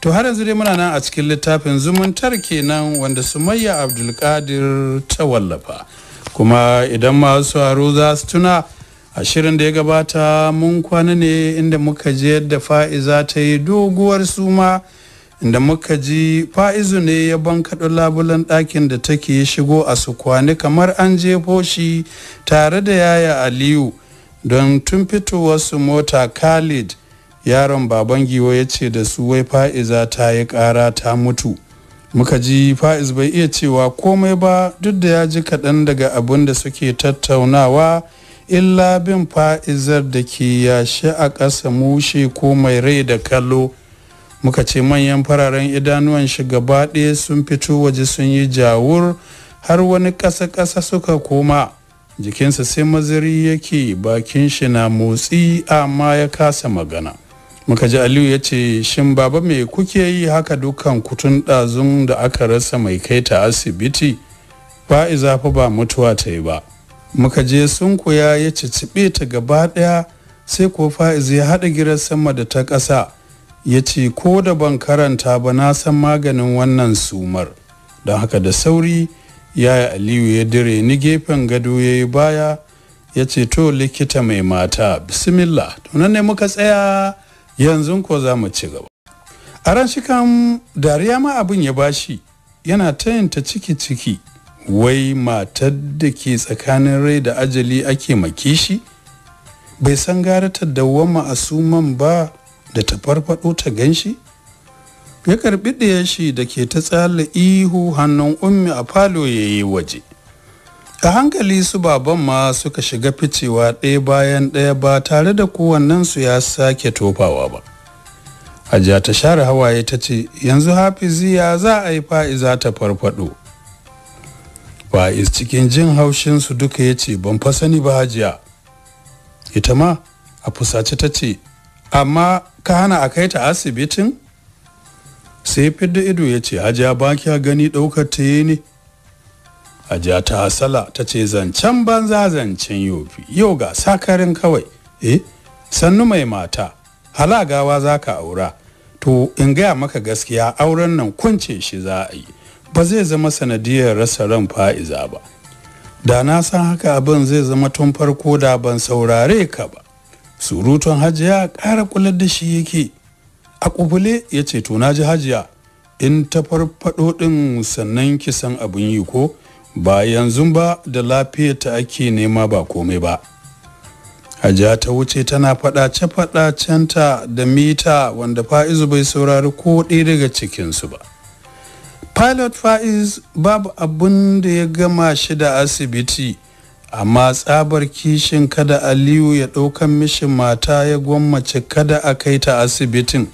to har yanzu dai muna nan a cikin littafin zumuntar kenan wanda sumayya abdulkadir ta wallafa kuma idan masu aro za su tuna a shirin da ya gabata mun kwana ne inda muka ji yadda fa'iza ta yi doguwar suma inda muka ji fa'izu ne ya bankaɗo labulan ɗakin da take shigo a su kwane kamar an jefo shi tare da yaya aliyu don tun fitowarsu mota khalid yaron baban giwo ya ce da su wai fa'iza ta yi kara ta mutu muka ji fa'iz bai iya cewa komai ba duk da ya ji kaɗan daga abin da suke tattaunawa illa bin fa'izar da ke yashi a ƙasa mushe ko mai rai da kallo muka ce manyan fararen idanuwan shi gaba ɗaya sun fito waje sun yi jawur har wani ƙasa-ƙasa suka koma jikinsa sai maziri yake bakin shi na motsi amma ya kasa magana. muka ji aliyu ya ce shin baba me kuke yi haka dukkan kutun ɗazun da aka rasa mai kai ta asibiti Ba izafi ba mutuwa ta yi ba muka je sun kuya ya cicibe ta gaba ɗaya sai ko fa'iz ya haɗa girar sama da ta ƙasa ya ce ko da ban karanta ba na san maganin wannan sumar don haka da sauri yaya aliyu ya dire ni gefen gado ya yi baya ya ce to likita mai mata bismillah to nan ne muka tsaya yanzu ko za mu ci gaba a ran shi kan dariya ma abin ya bashi yana tayanta ciki ciki wai matar da ke tsakanin rai da ajali ake maki shi bai san gara ta dawwama a suman ba da ta farfado ta ganshi ya karbi ɗaya shi da ke ta tsala ihu hannun ummi a falo ya yi waje a hankali su baban ma suka shiga ficewa ɗaya bayan ɗaya ba tare da su ya sake tofawa ba hajiya ta share hawaye ta ce yanzu hafiziya za a yi fa'iza ta farfado fa'iz cikin jin haushinsu duka ya ce ban fa sani ba hajiya ita ma a fusace ta ce amma ka hana a kai ta asibitin sai fidda ido ya ce hajiya ba kya gani ɗaukar ta yi ne hajiya ta hasala ta ce zancen banza zancen yofi yau ga sakarin kawai eh sannu mai mata halagawa za ka aura to in gaya maka gaskiya auren nan kunce shi za a yi ba zai zama sanadiyar rasa ran fa'iza ba da na san haka abin zai zama tun farko da ban saurare ka ba surutun hajiya ƙara kula da shi yake a kubule ya ce to na ji hajiya in ta farfaɗo ɗin sannan ki san abin yi ko ba yanzu ba da lafiyarta ake nema ba komai ba hajiya ta wuce tana faɗace faɗacenta da mita wanda fa'izu bai saurari ko ɗaya daga cikinsu ba pilot fa'iz babu abin da ya gama shi da asibiti amma tsabar kishin kada aliyu ya ɗaukan mishi mata ya gwammace kada a kai ta asibitin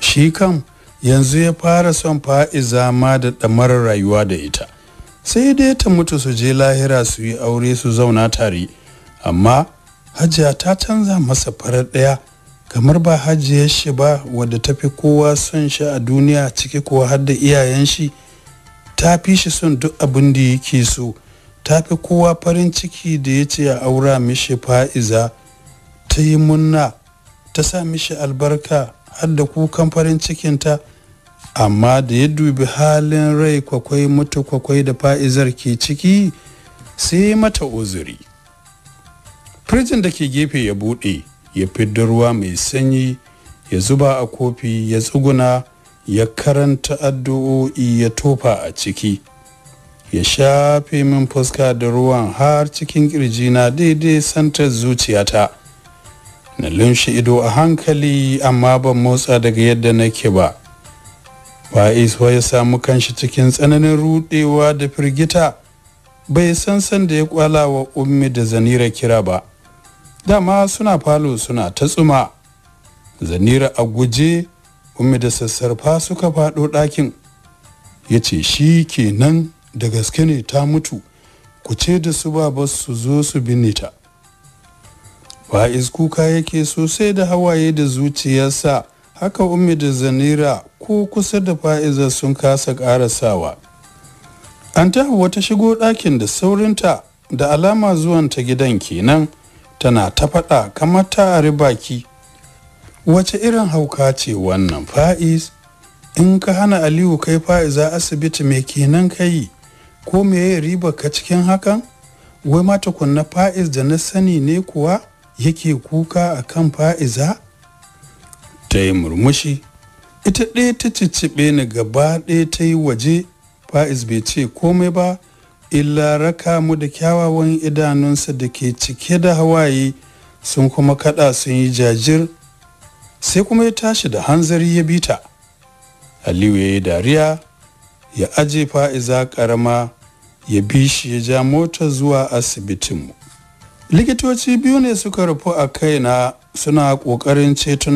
shi kan yanzu ya fara son fa'iza ma da ɗamarar rayuwa da ita sai dai ta mutu su je lahira su yi aure su zauna tare amma hajiya ta canza masa farar ɗaya kamar ba hajiyar shi ba wadda ta fi kowa son shi a duniya ciki kuwa har da iyayen shi ta fi shi son duk abin da yake so ta fi kowa farin ciki da ya ce a aura mishi fa'iza ta yi munna ta sa mishi albarka har da kukan farin cikinta amma da ya dubi halin rai kwakwai mutu kwakwai da fa'izar ke ciki sai mata uzuri firjin da ke gefe ya buɗe ya fidda ruwa mai sanyi ya zuba a kofi ya tsuguna ya karanta addu'o'i ya tofa a ciki ya shafe min fuska da ruwan har cikin na daidai santar zuciyata na lunshi ido a hankali amma ban motsa daga yadda nake ba faiswa ya samu kanshi cikin tsananin rudewa da firgita bai san san da ya kwala wa ummi da zanira kira ba. Dama suna falo suna ta tsuma. Zanira a guje ummi da sassarfa suka faɗo ɗakin. Ya ce shi kenan da gaske ne ta mutu ku ce da su ba ba su zo su binne ta. fais kuka yake sosai da hawaye da zuciyarsa. haka ummi da zanira ko kusa da fa'iza sun kasa karasawa an ta wata shigo ɗakin da saurinta da alama zuwanta gidan kenan tana ta faɗa kamar ta ari baki wace irin hauka ce wannan fa'iz in ka hana aliyu kai fa'iza asibiti me kenan ka yi ko meye riba ka cikin hakan wai mata kunna fa'iz da na sani ne kuwa yake kuka akan fa'iza ta yi murmushi ita ɗaya ta cicciɓe ni gaba ɗaya ta yi waje fa'iz bai ce komai ba illa raka mu da kyawawan idanunsa da ke cike da hawaye sun kuma kaɗa sun yi jajir sai kuma ya tashi da hanzari ya bi ta aliyu ya yi dariya ya aje fa'iza ƙarama ya bi shi ya ja mota zuwa asibitinmu likitoci biyu ne suka rufu a kaina suna ƙoƙarin ceto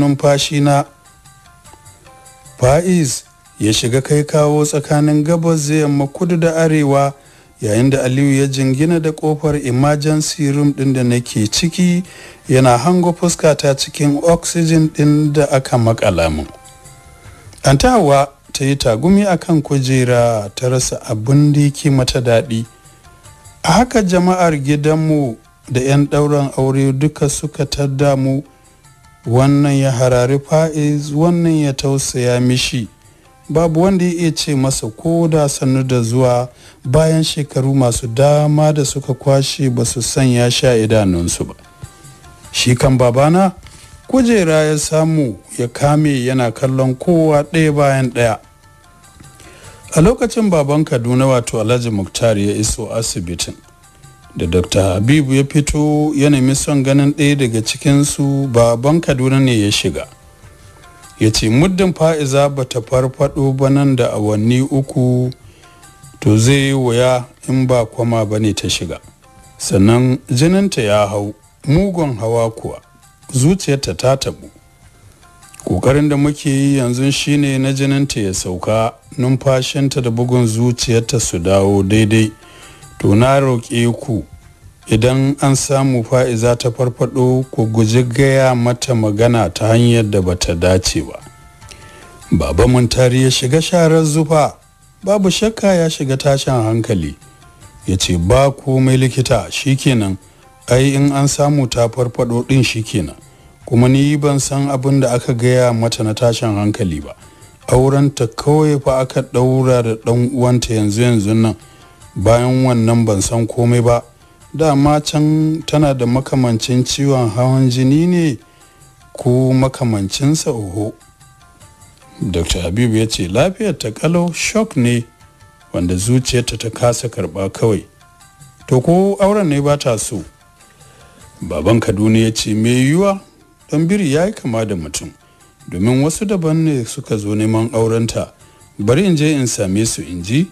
na. fa'iz ya shiga kai kawo tsakanin gabas da yamma kudu da arewa yayin da aliyu ya jingina da ƙofar emergency room ɗin da nake ciki yana hango fuska ta cikin oxygen ɗin da aka makala min tawa ta yi tagumi akan kujera ta rasa abin da yake mata daɗi a haka jama'ar gidanmu da 'yan ɗauran aure duka suka tadda mu wannan ya harari fa'iz wannan ya tausaya mishi babu wanda ya iya ce masa ko da sannu da zuwa bayan shekaru masu dama da suka kwashe ba su sanya sha idanunsu ba shi kan babana kujera ya samu ya kame yana kallon kowa ɗaya bayan ɗaya a lokacin baban kaduna wato alhaji muktar ya iso asibitin da dr habibu ya fito ya nemi son ganin ɗaya daga cikinsu baban kaduna ne ya shiga ya ce muddin fa'iza ba ta farfado ba nan da awanni uku to zai yi wuya in ba kwama ba ne ta shiga sannan jininta ya hau mugun hawa kuwa zuciyarta ta tabu ƙoƙarin da muke yi yanzu shine na jininta ya sauka numfashinta da bugun zuciyarta su dawo daidai to na roƙe ku idan an samu fa'iza ta farfado ku guji gaya mata magana ta hanyar da bata dace ba baba muntari ya shiga sharar zufa babu shakka ya shiga tashin hankali ya ce ba komai likita shi shikenan ai in an samu ta farfado din shikenan kuma ni ban san abin da aka gaya mata na tashin hankali ba auren ta kawai fa aka daura da dan uwanta yanzu yanzu nan bayan wannan ban san komai ba dama can tana da makamancin ciwon hawan jini ne ko makamancin oho dr habibu ya ce lafiyar ta kalau shock ne wanda zuciyarta ta kasa karba kawai to ko auren ne ba ta so baban kaduna ya ce me yiwuwa don biri ya yi kama da mutum domin wasu daban ne suka zo neman aurenta bari in je in same su in ji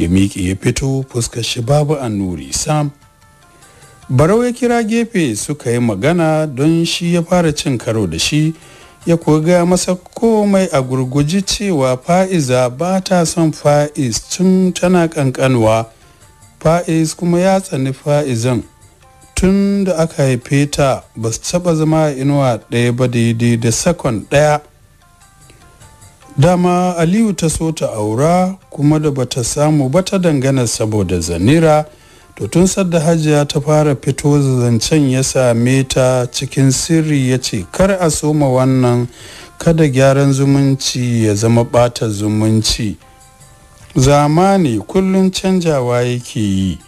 ya miƙe ya fito fuskar shi babu annuri sam barau ya kira gefe suka yi magana don shi ya fara cin karo da shi ya koga masa komai a gurguji cewa fa'iza ba ta son fa'iz tun tana kankanwa fa'iz kuma ya tsani fa'izan tun da aka haife ta ba su taba zama inuwa ɗaya ba daidai da sakon ɗaya dama aliyu ta so ta aura kuma da bata samu ba ta dangana saboda zanira to tun sadda hajiya ta fara fito zancen ya same ta cikin sirri ya ce kar a soma wannan kada gyaran zumunci ya zama bata zumunci zamani kullum canjawa yake yi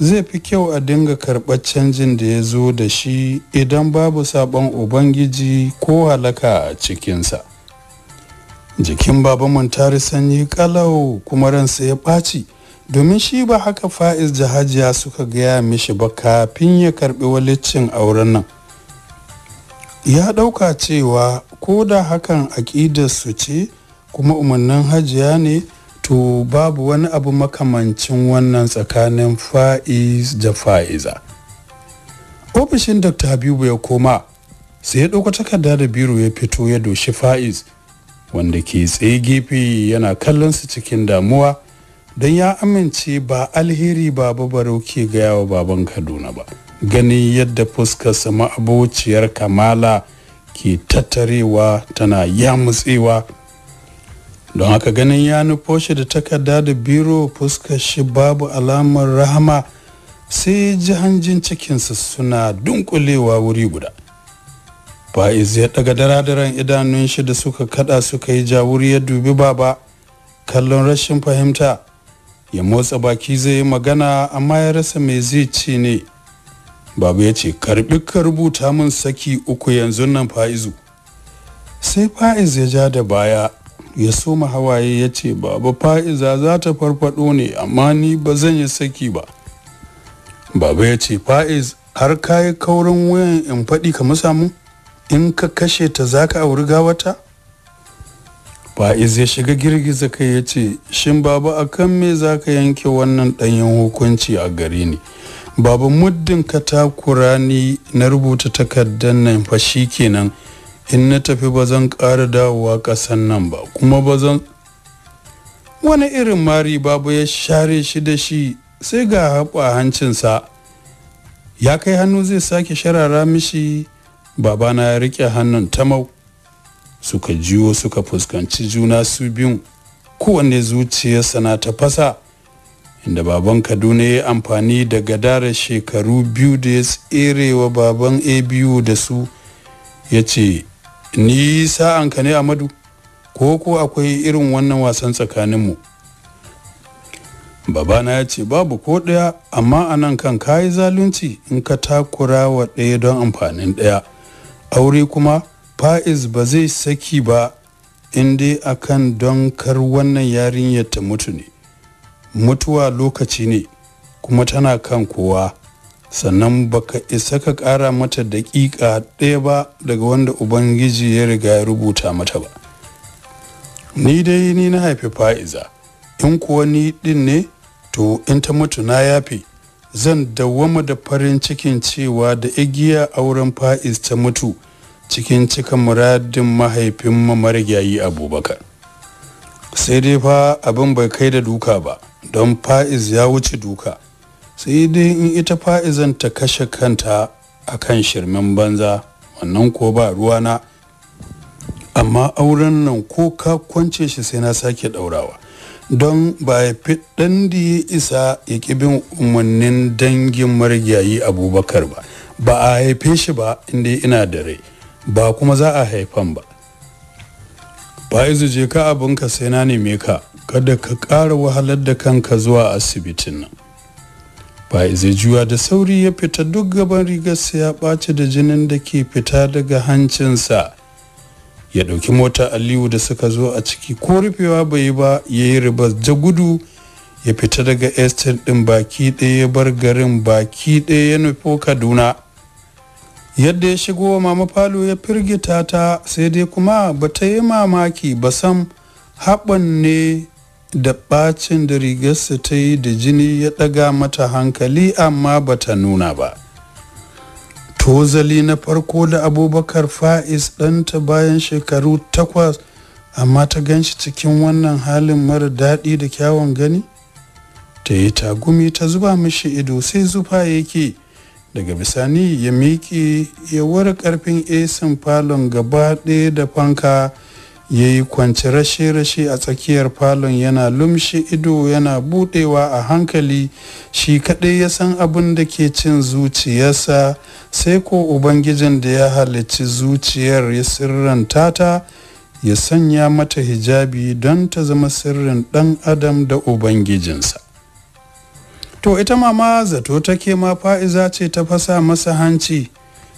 zai fi kyau a dinga karɓar canjin da ya zo da shi idan babu sabon ubangiji ko halaka a cikinsa jikin baban san sanyi kalau kuma ransa ya ɓaci domin shi ba haka fa'iz da hajiya suka gaya mishi ba kafin ya karbi walicin auren nan ya ɗauka cewa ko da hakan su ce kuma umarnin hajiya ne to babu wani abu makamancin wannan tsakanin fa'iz da fa'iza ofishin dr habibu ya koma sai ya ɗauka takarda da biro ya fito ya doshi fa'iz wanda ke tsaye gefe yana kallon su cikin damuwa don ya amince ba alheri ba babaro ke gaya wa baban kaduna ba Gani yadda fuskarsa ma'abociyar kamala ke tattarewa tana yamutsewa don haka ganin ya nufo shi da takarda da biro fuskar shi babu alamar rahama sai ji hanjin cikinsa suna dunkulewa wuri guda Fa'iz ya daga daradaran idanun shi da suka kada suka yi jawuri ya dubi baba kallon rashin fahimta ya motsa baki zai yi magana amma ya rasa mai zai ci ne baba ya ce karbi ka rubuta min saki uku yanzu nan fa'izu sai fa'iz ya ja da baya ya soma hawaye ya ce baba fa'iza za ta farfado ne amma ni ba zan yi saki ba baba ya ce fa'iz har kayi kaurin wuyan in faɗi ka samu in ka kashe ta za ka auri gawata ba'iz ya shiga girgiza kai ya ce shin baba akan me za ka yanke wannan ɗanyen hukunci a gari ne? Babu muddin ka takura ni na rubuta takardar nan fa shi kenan in na tafi ba zan ƙara dawowa ƙasan nan ba kuma ba zan wani irin mari babu ya share shi da shi sai ga haɓa hancinsa ya kai hannu zai sake sharara mishi babana ya rike hannun tamau suka jiwo suka fuskanci juna su biyun kowanne zuciyarsa na ta fasa inda baban kaduna ya amfani da gadara shekaru biyu da ya wa baban abu da su ya ce ni sa'anka ne amadu ko ko akwai irin wannan wasan tsakaninmu babana ya ce babu ko ɗaya amma anan kan kayi zalunci in ka takura wa ɗaya don amfanin ɗaya aure kuma fa'iz ba zai saki ba in dai akan don kar wannan yarinyar ta mutu ne mutuwa lokaci ne kuma tana kan kowa sannan baka isa ka kara mata daƙiƙa ɗaya ba daga wanda ubangiji ya riga ya rubuta mata ba ni dai ni na haifi fa'iza in kuwa ni din ne to in ta mutu na yafi zan dawwama da farin cikin cewa da igiya auren Fa'iz ta mutu cikin cika muradin mahaifin marigayi abubakar sai dai fa abin bai kai da duka ba don fa'iz ya wuce duka sai dai in ita fa'izan ta kashe kanta a kan shirmin banza wannan ko ba ruwana amma auren nan ko ka kwance shi sai na sake ɗaurawa don ba ya fi ɗan da ya isa ya kibin umarnin dangin marigayi abubakar ba ba a haife shi ba inda ina da rai ba kuma za a haifan ba Ba fa'izu je ka abinka sai na neme ka kada ka ƙara wahalar da kanka zuwa asibitin nan Ba fa'izu juya da sauri ya fita duk gaban rigar rigarsa ya ɓaci da jinin da ke fita daga hancinsa ya dauki mota aliyu da suka zo a ciki ko rufewa bai yi ba ya yi ribas da gudu ya fita daga estin din baki ɗaya ya bar garin baki ɗaya ya nufo kaduna yadda ya shigo mama falo ya firgita ta sai dai kuma ba ta yi mamaki ba sam haɓan ne da ɓacin da rigarsa ta yi da jini ya ɗaga mata hankali amma ba ta nuna ba tozali na farko da abubakar fa'is ɗanta bayan shekaru takwas amma ta ganshi cikin wannan halin mara daɗi da kyawun gani ta yi tagumi ta zuba mishi ido sai zufa yake daga bisani ya miƙe ya wara ƙarfin esin falon gaba ɗaya da fanka ya yi kwanci rashi a tsakiyar falon yana lumshi ido yana budewa a hankali shi kaɗai ya san abin da ke cin zuciyarsa sai ko ubangijin da ya halicci zuciyar ya sirran tata ya sanya mata hijabi don ta zama sirrin ɗan adam da ubangijinsa to ita mama zato take ma fa'iza ce ta fasa masa hanci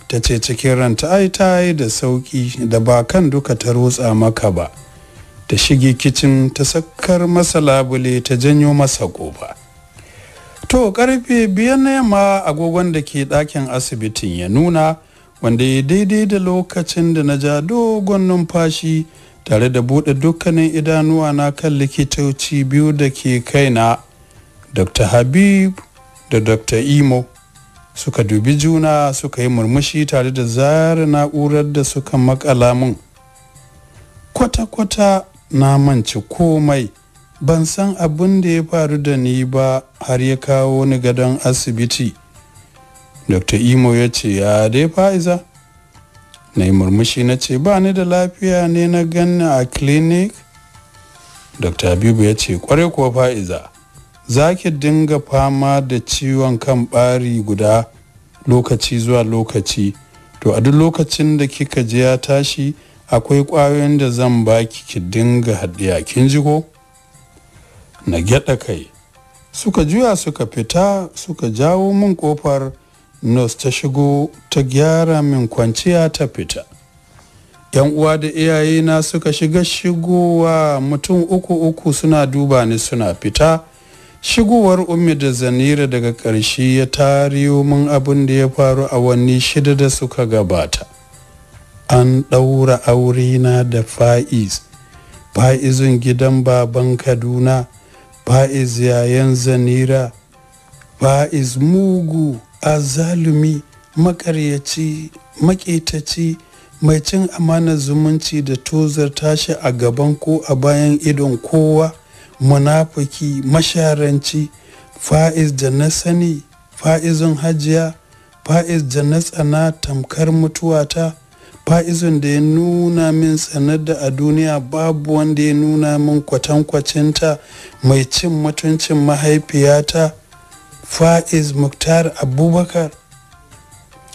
ta ce cikin ranta ai ta yi da sauƙi da ba kan duka ta rutsa maka ba ta shige kicin ta sakar masa labule ta janyo masa ƙofa to karfe biyar na yamma agogon da ke ɗakin asibitin ya nuna wanda ya daidai da lokacin da na ja dogon numfashi tare da buɗe dukkanin idanuwa na kan likitoci biyu da ke kaina dr habib da dr imo suka dubi juna suka yi murmushi tare da zara na'urar da suka makala mun kwata-kwata na manci komai ban san abin da ya faru da ni ba har ya kawo ni gadon asibiti dr imo ya ce ya dai fa'iza na yi murmushi na ce ba ni da lafiya ne na ganni a clinic dr habibu ya ce kwarai kuwa fa'iza za ki dinga fama da ciwon kan ɓari guda lokaci zuwa lokaci to a duk lokacin da kika je ya tashi akwai ƙwayoyin da zan baki ki dinga haɗiya kin ji ko na gyaɗa kai suka juya suka fita suka jawo min ƙofar nurse ta shigo ta gyara min kwanciya ta fita yan uwa da iyayena suka shiga shigowa mutum uku uku suna duba ni suna fita shigowar umme da zanira daga ƙarshe ya tariyo min abin da ya faru a wanni shida da suka gabata an ɗaura aure na da fa'iz fa'izun gidan baban kaduna fa'iz yayan zanira fa'iz mugu azalumi makaryaci maƙetaci mai cin Amanan zumunci da tozar tashi a gaban ko a bayan idon kowa munafuki masharanci fa'iz da na sani fa'izun hajiya fa'iz da na tsana tamkar mutuwata fa'izun da ya nuna min tsanar da a duniya babu wanda ya nuna min kwatankwacinta mai cin mutuncin mahaifiyata fa'iz muktar abubakar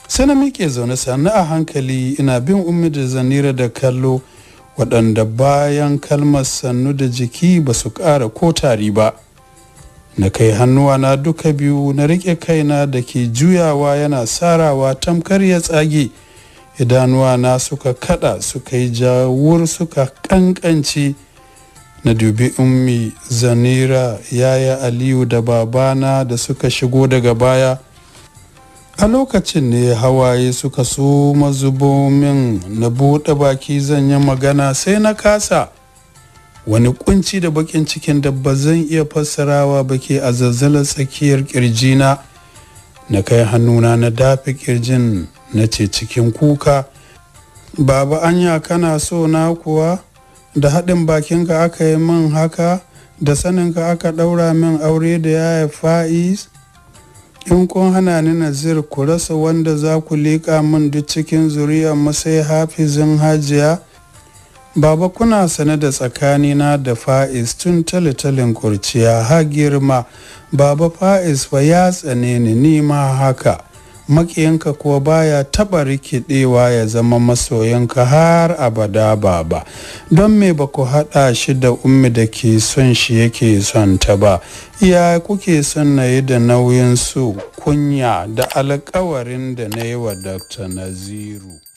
sai muke zaune sannu a hankali ina bin umar da zanira da kallo waɗanda bayan kalmar sannu da jiki ba su ƙara ko tari ba na kai hannuwa na duka biyu na riƙe kaina da ke juyawa yana sarawa tamkar ya tsage idanuwana suka kaɗa suka yi jawur suka ƙanƙanci na dubi ummi zanira yaya aliyu da babana da suka shigo daga baya a lokacin ne hawaye suka so mazubomin na buɗe baki zan yi magana sai na kasa wani kunci da bakin cikin da ba zan iya fassarawa ba ke a zazzalar tsakiyar kirjina na kai hannuna na dafi kirjin na ce cikin kuka baba anya kana so na kuwa da haɗin bakinka aka yi min haka da saninka aka ɗaura min aure da ya fa'is in kun hana ni nazir ku rasa wanda za ku liƙa min duk cikin zuriyar sai hafizin hajiya baba kuna sane da tsakanina da fa'is tun talitalin kurciya ha girma baba fa'is fa ya tsane ni ma haka maƙiyanka kuwa baya taɓa rikidewa ya zama masoyanka har abada baba don me ba ku haɗa shi da ummi da ke son shi yake son ta ba ya kuke son na yi da nauyin su kunya da alkawarin da na yi wa dr naziru